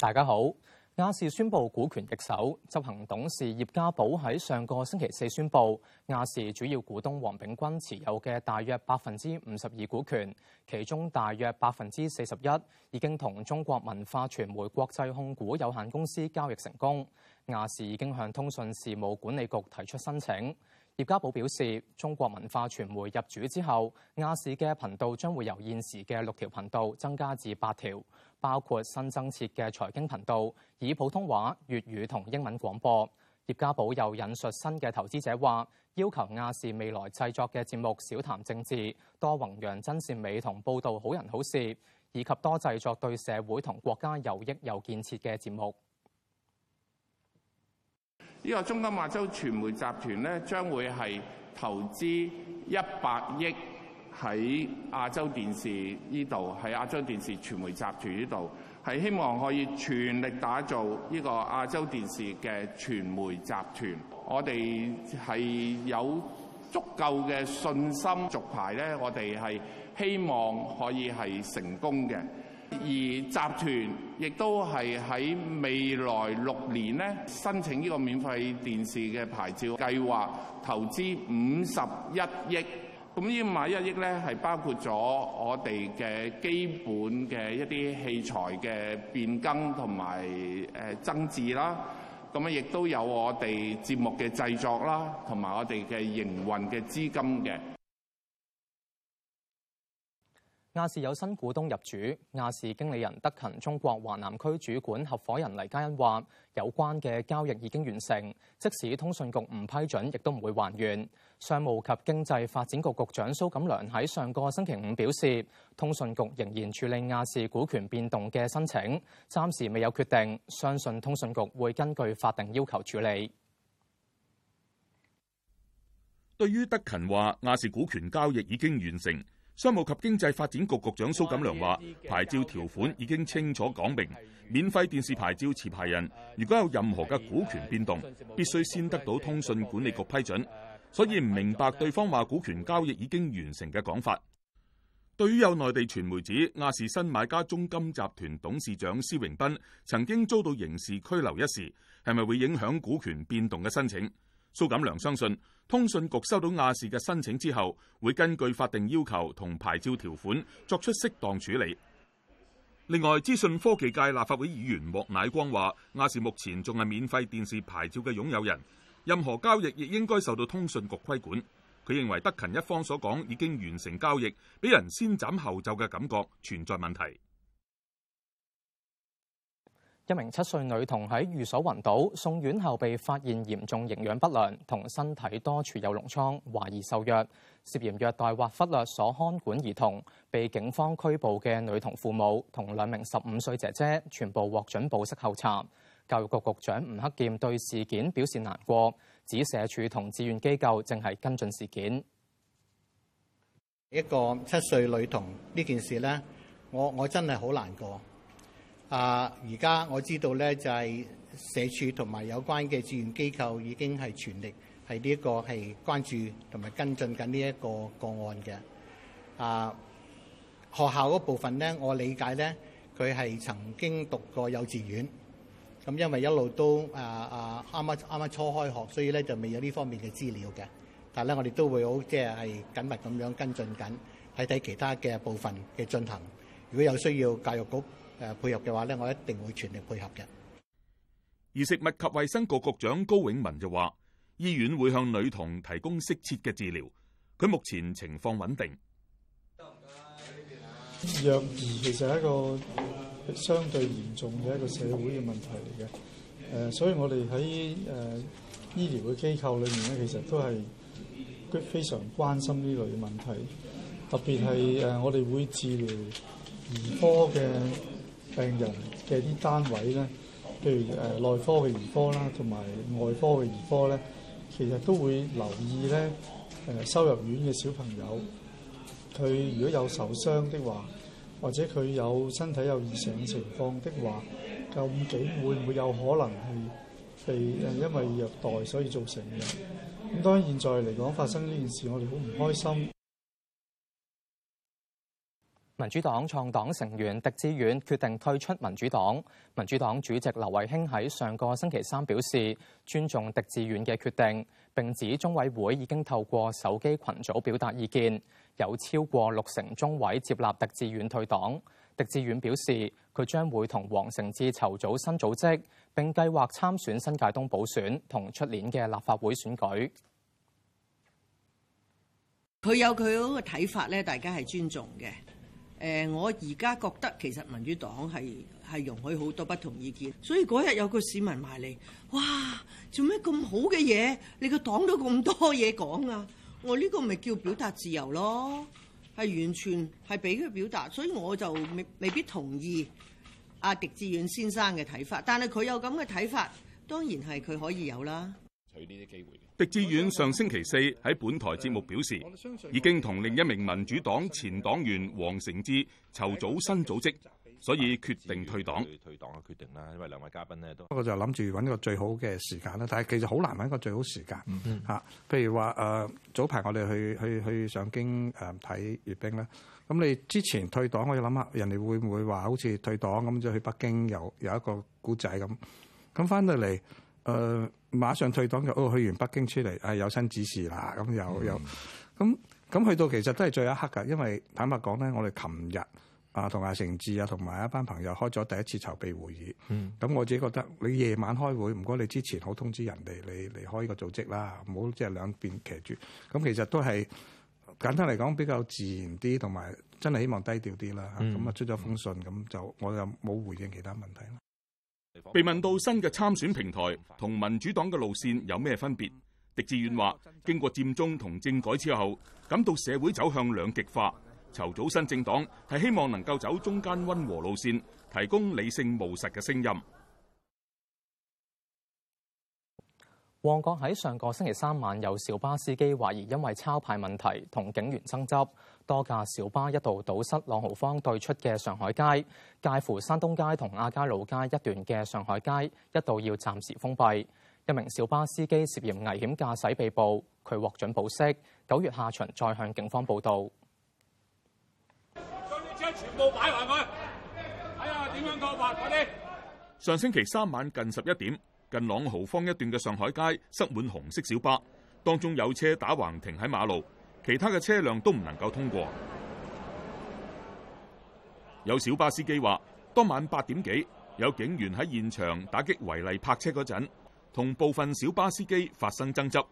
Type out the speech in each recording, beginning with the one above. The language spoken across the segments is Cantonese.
大家好，亞視宣布股權易手。執行董事葉家寶喺上個星期四宣布，亞視主要股東黃炳坤持有嘅大約百分之五十二股權，其中大約百分之四十一已經同中國文化傳媒國際控股有限公司交易成功。亞視已經向通訊事務管理局提出申請。葉家寶表示，中國文化傳媒入主之後，亞視嘅頻道將會由現時嘅六條頻道增加至八條，包括新增設嘅財經頻道，以普通話、粵語同英文廣播。葉家寶又引述新嘅投資者話，要求亞視未來製作嘅節目少談政治，多弘揚真善美同報導好人好事，以及多製作對社會同國家有益又建設嘅節目。呢個中金亞洲傳媒集團咧，將會係投資一百億喺亞洲電視呢度，喺亞洲電視傳媒集團呢度，係希望可以全力打造呢個亞洲電視嘅傳媒集團。我哋係有足夠嘅信心，續牌咧，我哋係希望可以係成功嘅。而集團亦都係喺未來六年咧申請呢個免費電視嘅牌照計劃，投資五十一億。咁呢五十一億咧係包括咗我哋嘅基本嘅一啲器材嘅變更同埋誒增置啦。咁啊，亦都有我哋節目嘅製作啦，同埋我哋嘅營運嘅資金嘅。亞視有新股東入主，亞視經理人德勤中國華南區主管合伙人黎嘉恩話：有關嘅交易已經完成，即使通訊局唔批准，亦都唔會還原。商務及經濟發展局局長蘇錦樑喺上個星期五表示，通訊局仍然處理亞視股權變動嘅申請，暫時未有決定，相信通訊局會根據法定要求處理。對於德勤話亞視股權交易已經完成。商務及經濟發展局局長蘇錦樑話：牌照條款已經清楚講明，免費電視牌照持牌人如果有任何嘅股權變動，必須先得到通訊管理局批准。所以唔明白對方話股權交易已經完成嘅講法。對於有內地傳媒指亞視新買家中金集團董事長施榮斌曾經遭到刑事拘留一事，係咪會影響股權變動嘅申請？蘇錦樑相信，通訊局收到亞視嘅申請之後，會根據法定要求同牌照條款作出適當處理。另外，資訊科技界立法會議員莫乃光話，亞視目前仲係免費電視牌照嘅擁有人，任何交易亦應該受到通訊局規管。佢認為德勤一方所講已經完成交易，俾人先斬後奏嘅感覺存在問題。一名七歲女童喺寓所暈倒，送院後被發現嚴重營養不良，同身體多處有膿瘡，懷疑受虐，涉嫌虐待或忽略所看管兒童，被警方拘捕嘅女童父母同兩名十五歲姐姐全部獲准保釋候查。教育局局長吳克儉對事件表示難過，指社署同志願機構正係跟進事件。一個七歲女童呢件事呢，我我真係好難過。啊！而家我知道咧，就係社署同埋有關嘅志願機構已經係全力係呢一個係關注同埋跟進緊呢一個個案嘅。啊，學校嗰部分咧，我理解咧，佢係曾經讀過幼稚園咁，因為一路都啊啊啱啱啱啱初開學，所以咧就未有呢方面嘅資料嘅。但係咧，我哋都會好即係係緊密咁樣跟進緊，睇睇其他嘅部分嘅進行。如果有需要，教育局。誒配合嘅話咧，我一定會全力配合嘅。而食物及衛生局局長高永文就話，醫院會向女童提供適切嘅治療，佢目前情況穩定。虐兒其實係一個相對嚴重嘅一個社會嘅問題嚟嘅。誒，所以我哋喺誒醫療嘅機構裏面咧，其實都係非常關心呢類嘅問題，特別係誒我哋會治療兒科嘅。病人嘅啲單位咧，譬如誒內科嘅兒科啦，同埋外科嘅兒科咧，其實都會留意咧誒收入院嘅小朋友，佢如果有受傷的話，或者佢有身體有異常情況的話，究竟會唔會有可能係被誒因為虐待所以造成嘅？咁當然現在嚟講發生呢件事，我哋好唔開心。民主黨創黨成員狄志遠決定退出民主黨。民主黨主席劉慧卿喺上個星期三表示，尊重狄志遠嘅決定，並指中委會已經透過手機群組表達意見，有超過六成中委接納狄志遠退黨。狄志遠表示，佢將會同黃成智籌組，組新組織，並計劃參選新界東補選同出年嘅立法會選舉。佢有佢嗰個睇法咧，大家係尊重嘅。誒、呃，我而家覺得其實民主黨係係容許好多不同意見，所以嗰日有個市民埋嚟，哇，做咩咁好嘅嘢？你個黨都咁多嘢講啊！我呢個咪叫表達自由咯，係完全係俾佢表達，所以我就未必同意阿狄志遠先生嘅睇法。但係佢有咁嘅睇法，當然係佢可以有啦。取呢啲機會。狄志遠上星期四喺本台節目表示，已經同另一名民主黨前黨員黃成智籌組新組織，所以決定退黨。退黨嘅決定啦，因為兩位嘉賓都不過就諗住揾個最好嘅時間啦，但係其實好難揾個最好的時間吓。譬如話誒、呃，早排我哋去去去上京誒睇、呃、閱兵啦。咁你之前退黨，我要諗下，人哋會唔會話好似退黨咁就去北京有有一個古仔咁？咁翻到嚟，誒。呃馬上退黨就哦，去完北京出嚟，係有新指示啦。咁又又咁咁去到，其實都係最後一刻噶。因為坦白講咧，我哋琴日啊同阿成志啊，同埋一班朋友開咗第一次籌備會議。嗯。咁我自己覺得，你夜晚開會，唔該你之前好通知人哋你離開呢個組織啦，唔好即係兩邊騎住。咁其實都係簡單嚟講，比較自然啲，同埋真係希望低調啲啦。咁、嗯、啊，就出咗封信，咁就我又冇回應其他問題。被問到新嘅參選平台同民主黨嘅路線有咩分別，狄志遠話，經過佔中同政改之後，感到社會走向兩極化，籌組新政黨係希望能夠走中間温和路線，提供理性務實嘅聲音。旺角喺上個星期三晚有小巴司機懷疑因為抄牌問題同警員爭執。多架小巴一度堵塞朗豪坊對出嘅上海街，介乎山東街同亞皆老街一段嘅上海街一度要暫時封閉。一名小巴司機涉嫌危險駕駛被捕，佢獲准保釋，九月下旬再向警方報到。上星期三晚近十一點，近朗豪坊一段嘅上海街塞滿紅色小巴，當中有車打橫停喺馬路。其他嘅車輛都唔能夠通過。有小巴司機話，當晚八點幾，有警員喺現場打擊違例泊車嗰陣，同部分小巴司機發生爭執。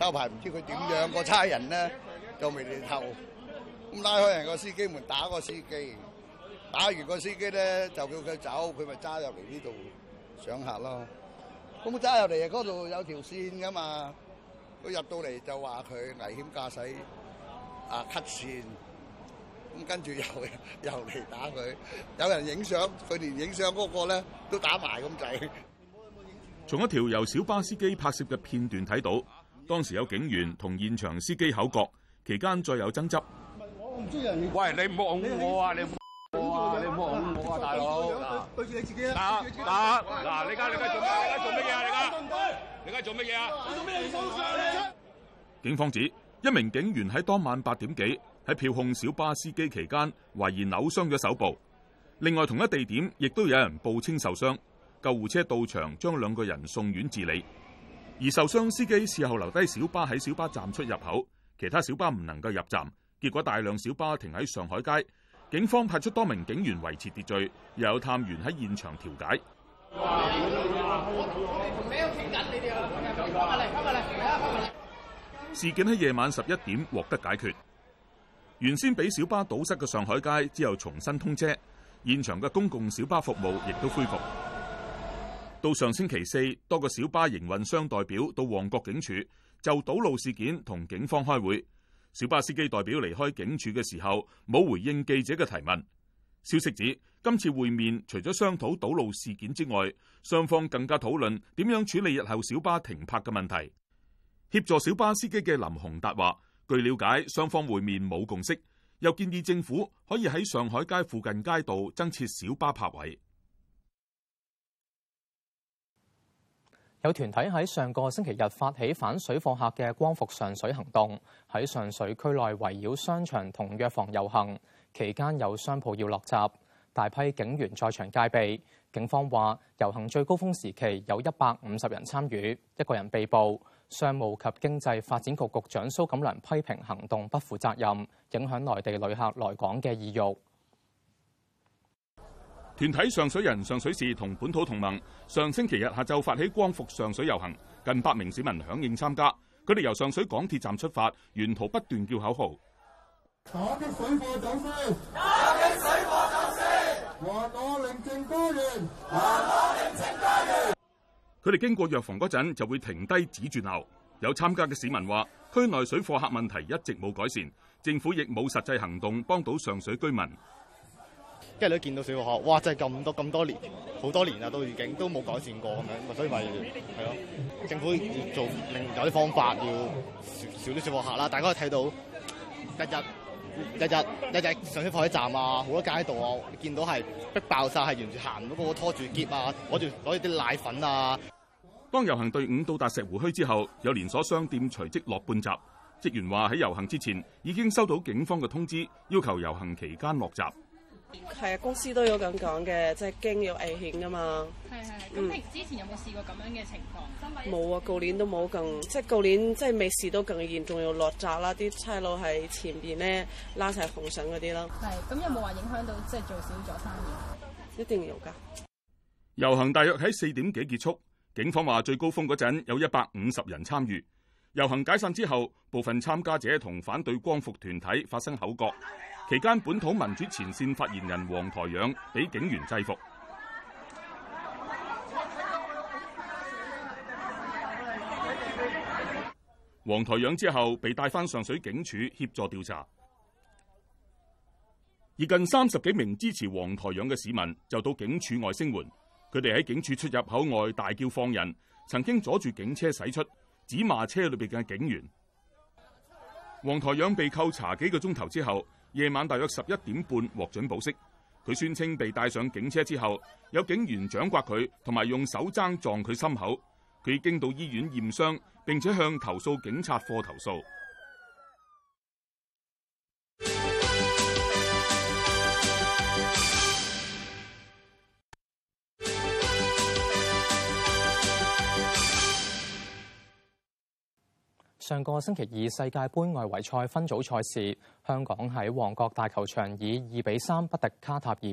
交牌唔知佢點樣，個差人呢，就未嚟頭。咁拉開人個司機門，打個司機，打完個司機咧就叫佢走，佢咪揸入嚟呢度上客咯。咁揸入嚟嗰度有條線噶嘛。佢入到嚟就話佢危險駕駛啊，咳線，咁跟住又又嚟打佢，有人影相，佢連影相嗰個咧都打埋咁滯。從一條由小巴司機拍攝嘅片段睇到，當時有警員同現場司機口角，期間再有爭執。喂，你唔好戇我啊！你唔好戇我啊，大佬，對住你自己！嗱嗱嗱，你家你家做咩嘢啊？你家？做乜嘢啊？警方指一名警員喺當晚八點幾喺票控小巴司機期間，懷疑扭傷咗手部。另外同一地點亦都有人報稱受傷，救護車到場將兩個人送院治理。而受傷司機事後留低小巴喺小巴站出入口，其他小巴唔能夠入站。結果大量小巴停喺上海街，警方派出多名警員維持秩序，又有探員喺現場調解。事件喺夜晚十一點獲得解決，原先俾小巴堵塞嘅上海街之後重新通車，現場嘅公共小巴服務亦都恢復。到上星期四，多個小巴營運商代表到旺角警署就堵路事件同警方開會，小巴司機代表離開警署嘅時候冇回應記者嘅提問。消息指。今次會面除咗商討堵路事件之外，雙方更加討論點樣處理日後小巴停泊嘅問題。協助小巴司機嘅林洪達話：，據了解，雙方會面冇共識，又建議政府可以喺上海街附近街道增設小巴泊位。有團體喺上個星期日發起反水貨客嘅光復上水行動，喺上水區內圍繞商場同藥房遊行，期間有商鋪要落閘。大批警員在場戒備，警方話遊行最高峰時期有一百五十人參與，一個人被捕。商務及經濟發展局局長蘇錦樑批評行動不負責任，影響內地旅客來港嘅意欲。團體上水人上水市同本土同盟上星期日下晝發起光復上水遊行，近百名市民響應參加，佢哋由上水港鐵站出發，沿途不斷叫口號：和我寧靜公園，和我寧靜公園。佢哋經過藥房嗰陣就會停低止轉喉。有參加嘅市民話：區內水貨客問題一直冇改善，政府亦冇實際行動幫到上水居民。今日都見到水貨客，哇！真係咁多咁多年，好多年啊，都已經都冇改善過咁樣，所以咪係咯。政府要做另外有啲方法，要少少啲水貨客啦。大家可以睇到日日。日日日日上水火車站啊，好多街度啊，見到係逼爆曬，係沿住行嗰個拖住篋啊，攞住攞住啲奶粉啊。當遊行隊伍到達石湖墟之後，有連鎖商店隨即落半閘。職員話喺遊行之前已經收到警方嘅通知，要求遊行期間落閘。係啊，公司都有咁講嘅，即係驚有危險噶嘛。係係，咁你之前有冇試過咁樣嘅情況？冇、嗯、啊，舊年都冇咁，嗯，即係舊年即係未試到咁嚴重，又落閘啦。啲差佬喺前邊咧拉晒紅繩嗰啲咯。係，咁有冇話影響到即係做少咗生意？一定有噶。遊行大約喺四點幾結束，警方話最高峰嗰陣有一百五十人參與。遊行解散之後，部分參加者同反對光復團體發生口角。期間，本土民主前線發言人黃台仰被警員制服。黃台仰之後被帶翻上水警署協助調查，而近三十幾名支持黃台仰嘅市民就到警署外聲援，佢哋喺警署出入口外大叫放人，曾經阻住警車駛出，指罵車裏邊嘅警員。黃台仰被扣查幾個鐘頭之後，夜晚大約十一點半獲准保釋，佢宣稱被帶上警車之後，有警員掌摑佢，同埋用手踭撞佢心口，佢已經到醫院驗傷，並且向投訴警察科投訴。上個星期二世界盃外圍賽分組賽事，香港喺旺角大球場以二比三不敵卡塔爾。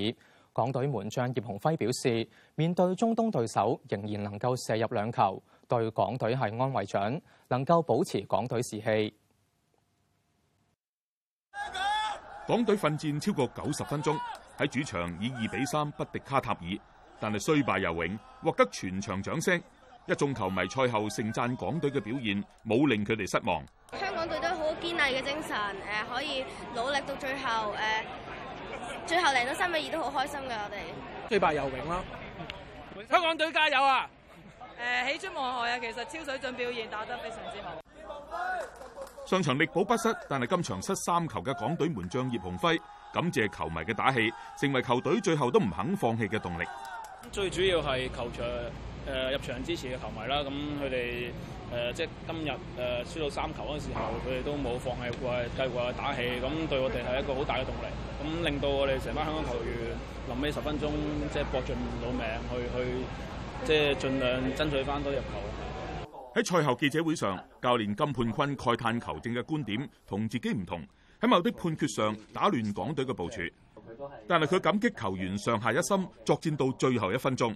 港隊門將葉鴻輝表示，面對中東對手，仍然能夠射入兩球，對港隊係安慰獎，能夠保持港隊士氣。港隊奮戰超過九十分鐘，喺主場以二比三不敵卡塔爾，但係雖敗猶榮，獲得全場掌聲。一眾球迷賽後盛讚港隊嘅表現，冇令佢哋失望。香港隊都好堅毅嘅精神，誒，可以努力到最後，誒，最後嚟到三比二都好開心噶，我哋。最怕游泳啦！香港隊加油啊！誒、啊，喜出望外啊！其實超水準表現，打得非常之好。上場力保不失，但係今場失三球嘅港隊門將葉鴻輝，感謝球迷嘅打氣，成為球隊最後都唔肯放棄嘅動力。最主要係球場。誒入場支持嘅球迷啦，咁佢哋誒即係今日誒、呃、輸到三球嗰時候，佢哋都冇放棄，話繼續話打氣，咁對我哋係一個好大嘅動力，咁令到我哋成班香港球員臨尾十分鐘即係搏盡到命去去，即係盡量爭取翻多入球。喺賽後記者會上，教練金判坤慨嘆球證嘅觀點同自己唔同，喺某啲判決上打亂港隊嘅部署，但係佢感激球員上下一心作戰到最後一分鐘。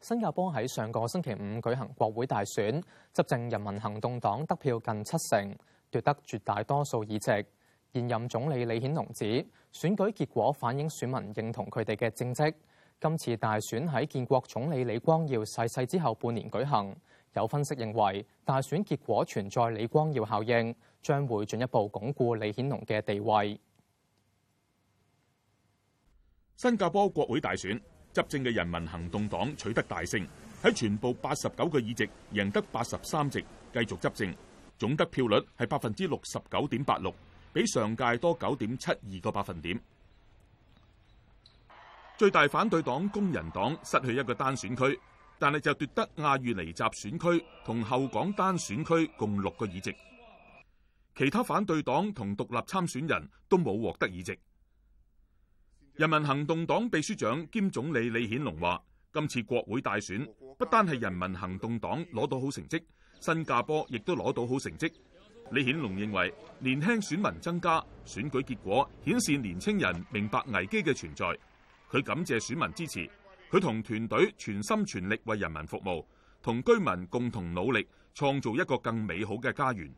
新加坡喺上個星期五舉行國會大選，執政人民行動黨得票近七成，奪得絕大多數議席。現任總理李顯龍指，選舉結果反映選民認同佢哋嘅政績。今次大選喺建國總理李光耀逝世之後半年舉行，有分析認為大選結果存在李光耀效應，將會進一步鞏固李顯龍嘅地位。新加坡國會大選。執政嘅人民行動黨取得大勝，喺全部八十九個議席，贏得八十三席，繼續執政，總得票率係百分之六十九點八六，比上屆多九點七二個百分點。最大反對黨工人黨失去一個單選區，但係就奪得亞裕尼集選區同後港單選區共六個議席，其他反對黨同獨立參選人都冇獲得議席。人民行動黨秘書長兼總理李顯龍話：今次國會大選不單係人民行動黨攞到好成績，新加坡亦都攞到好成績。李顯龍認為年輕選民增加，選舉結果顯示年青人明白危機嘅存在。佢感謝選民支持，佢同團隊全心全力為人民服務，同居民共同努力創造一個更美好嘅家園。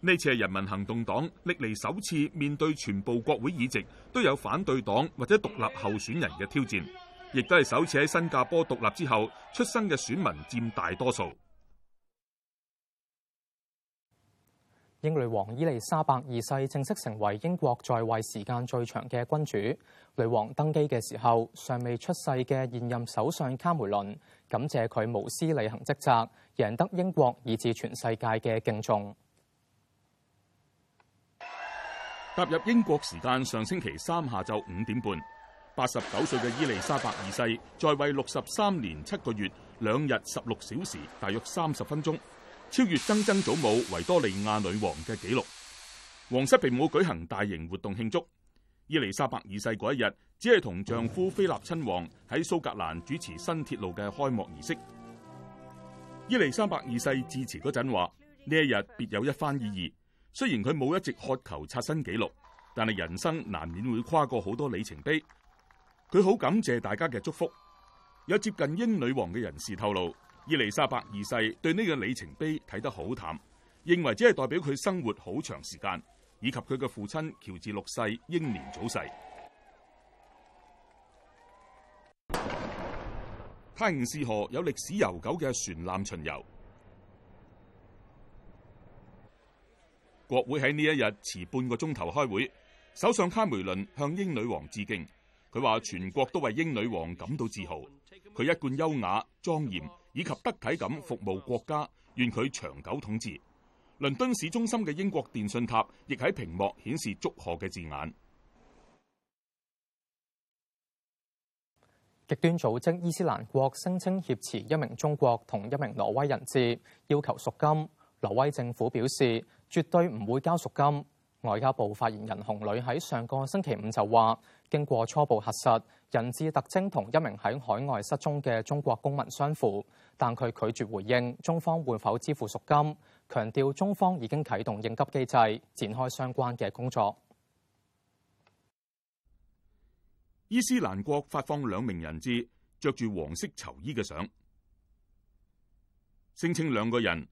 呢次係人民行動黨歷嚟首次面對全部國會議席都有反對黨或者獨立候選人嘅挑戰，亦都係首次喺新加坡獨立之後出生嘅選民佔大多數。英女王伊利沙伯二世正式成為英國在位時間最長嘅君主。女王登基嘅時候，尚未出世嘅現任首相卡梅倫感謝佢無私履行職責，贏得英國以至全世界嘅敬重。踏入英國時間上星期三下晝五點半，八十九歲嘅伊利沙伯二世在位六十三年七個月兩日十六小時，大約三十分鐘，超越曾曾祖母維多利亞女王嘅紀錄。皇室並冇舉行大型活動慶祝伊利沙伯二世嗰一日，只係同丈夫菲立親王喺蘇格蘭主持新鐵路嘅開幕儀式。伊利沙伯二世致辭嗰陣話：呢一日別有一番意義。雖然佢冇一直渴求刷新紀錄，但係人生難免會跨過好多里程碑。佢好感謝大家嘅祝福。有接近英女王嘅人士透露，伊麗莎白二世對呢個里程碑睇得好淡，認為只係代表佢生活好長時間，以及佢嘅父親喬治六世英年早逝。泰晤士河有歷史悠久嘅船艦巡遊。國會喺呢一日遲半個鐘頭開會。首相卡梅倫向英女王致敬。佢話：全國都為英女王感到自豪。佢一貫優雅莊嚴以及得體咁服務國家，願佢長久統治。倫敦市中心嘅英國電信塔亦喺屏幕顯示祝賀嘅字眼。極端組織伊斯蘭國聲稱挾持一名中國同一名挪威人質，要求贖金。挪威政府表示，絕對唔會交贖金。外交部發言人洪磊喺上個星期五就話，經過初步核實，人質特徵同一名喺海外失蹤嘅中國公民相符，但佢拒絕回應中方會否支付贖金，強調中方已經啟動應急機制，展開相關嘅工作。伊斯蘭國發放兩名人質，着住黃色囚衣嘅相，聲稱兩個人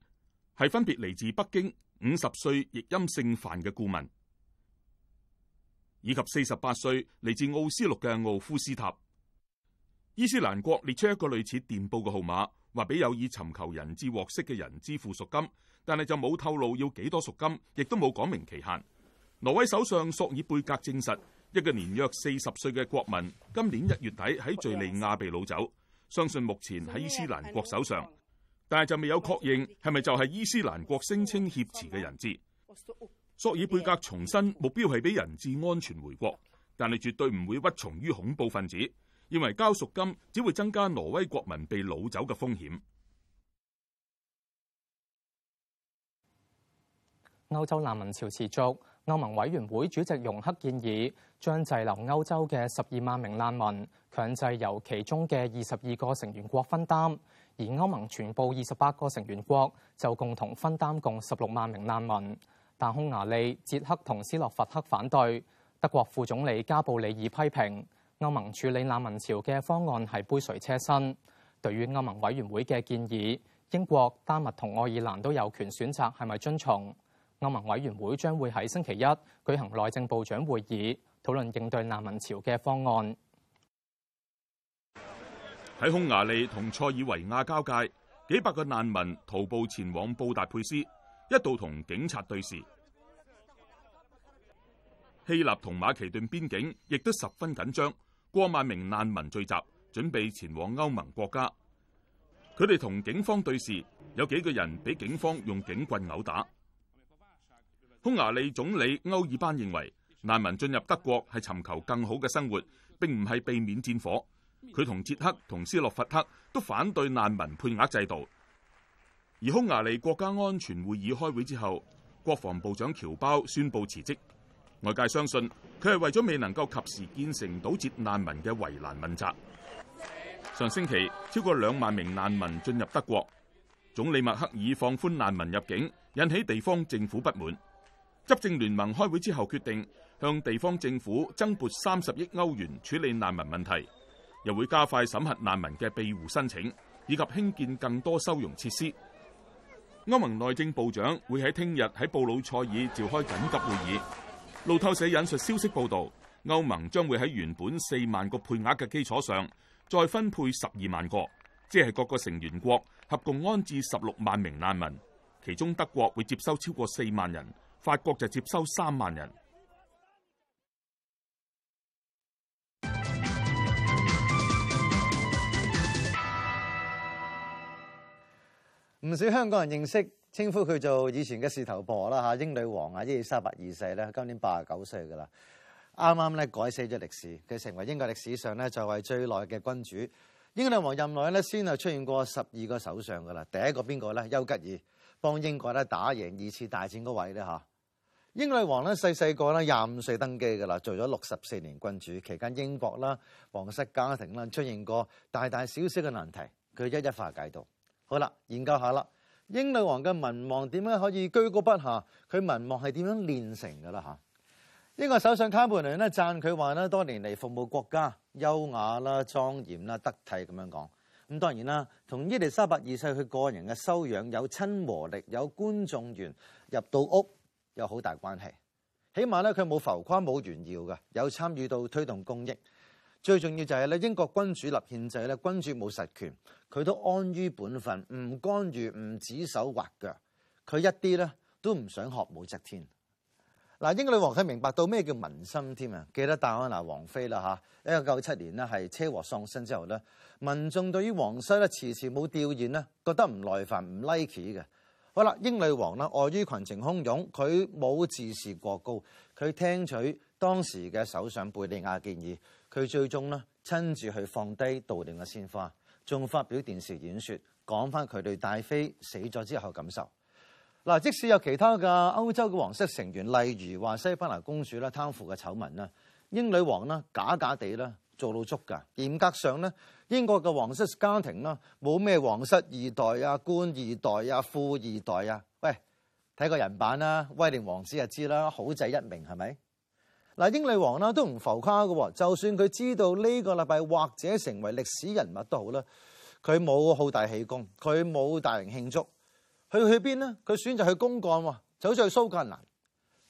係分別嚟自北京，五十歲亦因姓范嘅顧問，以及四十八歲嚟自奧斯陸嘅奧夫斯塔。伊斯蘭國列出一個類似電報嘅號碼，話俾有意尋求人質獲釋嘅人支付贖金，但係就冇透露要幾多贖金，亦都冇講明期限。挪威首相索爾貝格證實，一個年約四十歲嘅國民今年一月底喺敘利亞被擄走，相信目前喺伊斯蘭國手上。但係就未有確認係咪就係伊斯蘭國聲稱挾持嘅人質。索爾貝格重申目標係俾人質安全回國，但係絕對唔會屈從於恐怖分子，認為交贖金只會增加挪威國民被擄走嘅風險。歐洲難民潮持續，歐盟委員會主席容克建議將滯留歐洲嘅十二萬名難民強制由其中嘅二十二個成員國分擔。而歐盟全部二十八個成員國就共同分擔共十六萬名難民，但匈牙利、捷克同斯洛伐克反對。德國副總理加布里爾批評歐盟處理難民潮嘅方案係杯水車薪。對於歐盟委員會嘅建議，英國、丹麥同愛爾蘭都有權選擇係咪遵從。歐盟委員會將會喺星期一舉行內政部長會議，討論應對難民潮嘅方案。喺匈牙利同塞爾維亞交界，幾百個難民徒步前往布達佩斯，一度同警察對峙。希臘同馬其頓邊境亦都十分緊張，過萬名難民聚集，準備前往歐盟國家。佢哋同警方對峙，有幾個人俾警方用警棍毆打。匈牙利總理歐爾班認為，難民進入德國係尋求更好嘅生活，並唔係避免戰火。佢同捷克同斯洛伐克都反對難民配額制度，而匈牙利國家安全會議開會之後，國防部長喬包宣布辭職。外界相信佢係為咗未能夠及時建成堵截難民嘅圍欄問責。上星期超過兩萬名難民進入德國，總理默克爾放寬難民入境，引起地方政府不滿。執政聯盟開會之後決定向地方政府增撥三十億歐元處理難民問題。又會加快審核難民嘅庇護申請，以及興建更多收容設施。歐盟內政部長會喺聽日喺布魯塞爾召開緊急會議。路透社引述消息報道，歐盟將會喺原本四萬個配額嘅基礎上，再分配十二萬個，即係各個成員國合共安置十六萬名難民。其中德國會接收超過四萬人，法國就接收三萬人。唔少香港人認識稱呼佢做以前嘅事頭婆啦，嚇，英女王啊，伊利沙伯二世咧，今年八十九歲噶啦。啱啱咧，改寫咗歷史，佢成為英國歷史上咧在位最耐嘅君主。英女王任內咧先係出現過十二個首相噶啦。第一個邊個咧？丘吉爾幫英國咧打贏二次大戰嗰位咧嚇。英女王咧細細個咧廿五歲登基噶啦，做咗六十四年君主期間，英國啦皇室家庭啦出現過大大小小嘅難題，佢一一化解到。好啦，研究下啦，英女王嘅文望點樣可以居高不下？佢文望係點樣煉成嘅啦？嚇，呢個首相卡梅倫咧讚佢話咧，多年嚟服務國家，優雅啦、莊嚴啦、得體咁樣講。咁當然啦，同伊麗莎白二世佢個人嘅修養、有親和力、有觀眾緣，入到屋有好大關係。起碼咧，佢冇浮誇、冇炫耀嘅，有參與到推動公益。最重要就係咧，英國君主立憲制咧，君主冇實權，佢都安於本分，唔干預，唔指手畫腳，佢一啲咧都唔想學武則天嗱。英女王佢明白到咩叫民心添啊？記得戴安娜王妃啦嚇，一九九七年咧係車禍喪生之後咧，民眾對於王室咧遲遲冇吊唁咧，覺得唔耐煩唔 like 嘅。好啦，英女王啦，礙於群情洶湧，佢冇自視過高，佢聽取當時嘅首相貝利亞建議。佢最終呢，親自去放低悼念嘅鮮花，仲發表電視演說，講翻佢對戴妃死咗之後嘅感受。嗱，即使有其他嘅歐洲嘅皇室成員，例如話西班牙公主啦、貪腐嘅醜聞啦，英女王啦假假地啦做到足噶。嚴格上咧，英國嘅皇室家庭啦冇咩皇室二代啊、官二代啊、富二代啊。喂，睇個人版啦、啊，威廉王子就知啦，好仔一名係咪？嗱，英女王啦都唔浮誇嘅，就算佢知道呢個禮拜或者成為歷史人物都好啦，佢冇好大喜功，佢冇大型慶祝，去去邊呢？佢選擇去公幹，走咗去蘇格蘭。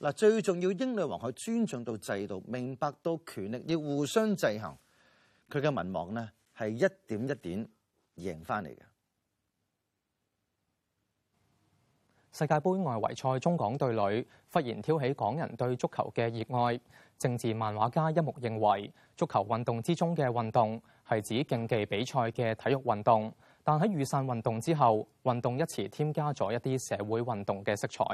嗱，最重要，英女王佢尊重到制度，明白到權力要互相制衡，佢嘅民望呢，係一點一點贏翻嚟嘅。世界盃外圍賽中港對，港隊裏忽然挑起港人對足球嘅熱愛，政治漫畫家一木認為足球運動之中嘅運動係指競技比賽嘅體育運動，但喺雨傘運動之後，運動一詞添加咗一啲社會運動嘅色彩。